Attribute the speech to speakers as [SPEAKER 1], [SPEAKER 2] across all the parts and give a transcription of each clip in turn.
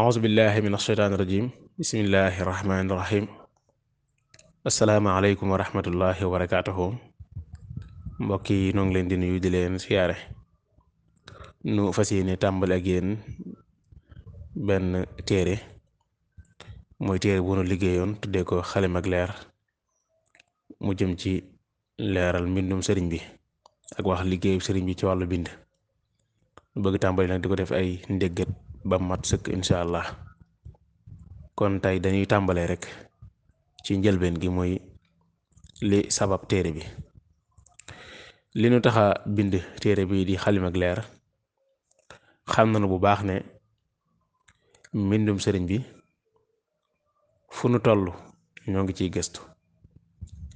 [SPEAKER 1] auzu billahi min asheytaani rajim bismillahi rahmaani rahim asalaamaaleykum wa rahmatullahi wa barakaatuhu mbokk yi noo ngi leen di nuyu di leen siyaare nu fas yéene tàmbali ak yéen benn téere mooy téere bu nu liggéeyoon tuddee ko xalimag leer mu jëm ci leeral mbindum sëriñ bi ak wax liggéeyu sëriñ bi ci wàllu bind bëgg tàmbali nag di ko def ay ndéggat ba mat sëkk incha allah kon tey dañuy tàmbalee rek ci njëlbeen gi mooy li sabab téere bi li nu taxa bind téere bi di xalimag leer xam nañu bu baax ne mbindum sëriñ bi fu nu toll ñoo ngi ciy gëstu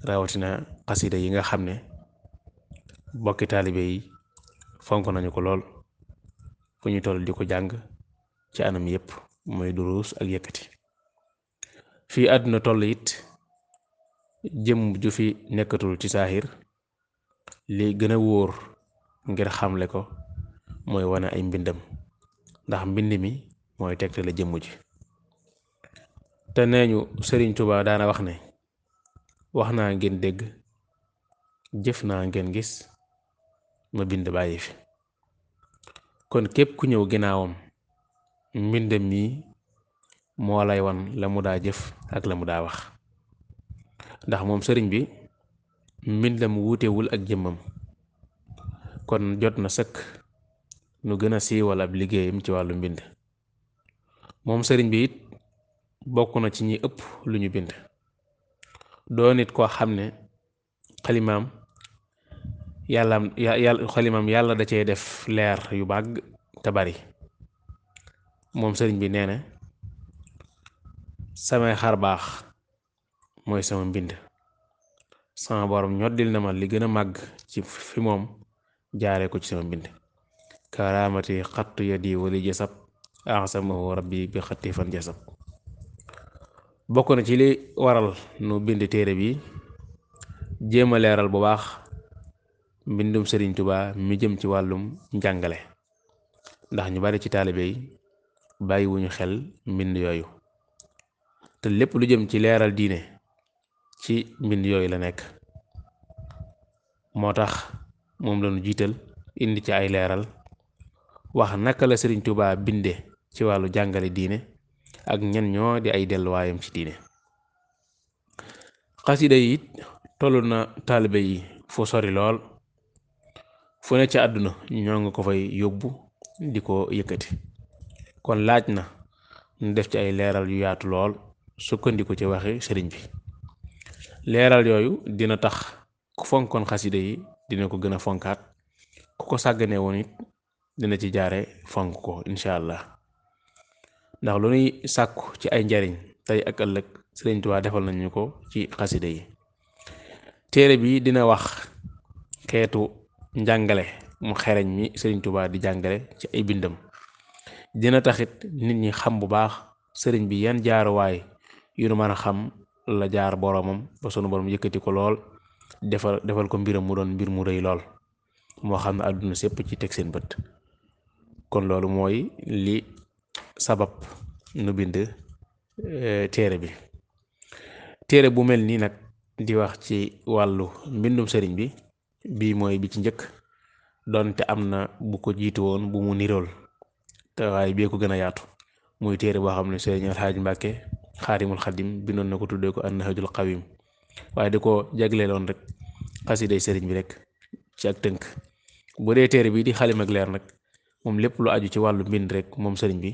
[SPEAKER 1] rawatina xasida yi nga xam ne bokki taalibe yi fonk nañu ko lool fu ñu toll di ko jàng ci anam yépp mooy duruus ak yëkkati fii àdduna toll it jëm ju fi nekkatul ci saaxir li gën a wóor ngir xamle ko mooy wane ay mbindam ndax mbind mi mooy tegtale jëmm ji te nee ñu Sëriñ tubaa daana wax ne wax naa ngeen dégg jëf naa ngeen gis ma bind bàyyi fi kon képp ku ñëw ginnaawam mbindam mi moo lay wan la mu daa jëf ak la mu daa wax ndax moom sëriñ bi mbindam wuutewul ak jëmmam kon jot na sëkk nu gën a siiwal ab liggéeyam ci wàllu mbind moom sëriñ bi it bokk na ci ñi ëpp lu ñu bind doo nit koo xam ne xalimaam yàlla xalimaam yàlla da cee def leer yu bàgg te bari moom sëriñ bi nee na samay xar baax mooy sama mbind sama borom ñoddil na ma li gën a màgg ci fi moom jaaree ko ci sama mbind karaamati xattu yadi wali jasab ansamahu rabbi bi xatti fan jasab bokk na ci li waral nu bind téere bi jéem a leeral bu baax mbindum sëriñ tubaa mi jëm ci wàllum njàngale ndax ñu bari ci taalibe yi bàyyiwuñu xel mbind yooyu te lépp lu jëm ci leeral diine ci mbind yooyu la nekk moo tax moom lañu jiital indi ci ay leeral wax naka la Sëriñ Tuubaa binde ci wàllu jàngale diine ak ñen ñoo di ay delluwaayam ci diine xasida yi tollu na taalibe yi fu sori lool fu ne ci àdduna ñoo ngi ko fay yóbbu di ko yëkkati kon laaj na ñu def ci ay leeral yu yaatu lool sukkandiku ci waxi sëriñ bi leeral yooyu dina tax ku fonkoon xasida yi dina ko gën a fonkaat ku ko sàgganee woon dina ci jaare fonk ko incha allah ndax lu nuy sàkku ci ay njariñ tey ak ëllëg sëriñ Tuubaa defal nañu ko ci xasida yi téere bii dina wax xeetu njàngale mu xereñ mi sëriñ Tuubaa di jàngale ci ay bindam dina taxit nit ñi xam bu baax sëriñ bi yan jaaruwaay yu nu mën a xam la jaar boromam ba sunu mu yëkkati ko lool defal defal ko mbiram mu doon mbir mu rëy lool moo xam ne àdduna sépp ci teg seen bët kon loolu mooy li sabab nu bind eh, téere bi téere bu mel nii nag di wax ci wàllu mbindum sëriñ bi bii mooy bi ci njëkk donte am na bu ko jiitu woon bu mu nirool te waaye bee ko gën a yaatu muy téere boo xam ne Sëriñ Alxaaji Mbàkke Xaarimul Xadim bindoon na ko tuddee ko An-Nahjul Qawim waaye da ko jagleeloon rek xasiday sëriñ bi rek ci ak tënk bu dee téere bi di Xalimag Leer nag moom lépp lu aju ci wàllu mbind rek moom sëriñ bi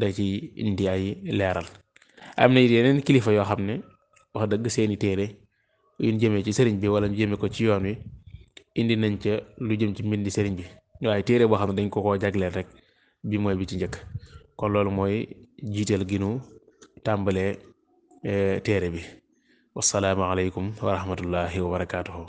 [SPEAKER 1] da ci indi ay leeral am na yeneen kilifa yoo xam ne wax dëgg seeni téere yu ñu jëmee ci sëriñ bi wala ñu ko ci yoon wi indi nañ ca lu jëm ci mbindi sëriñ bi waaye téere boo xam ne dañ ko koo jagleel rek bi mooy bi ci njëkk kon loolu mooy jiital ginu nu tàmbalee eh, téere bi wasalaamaaleykum wa rahmatullahi wa barakaatuhu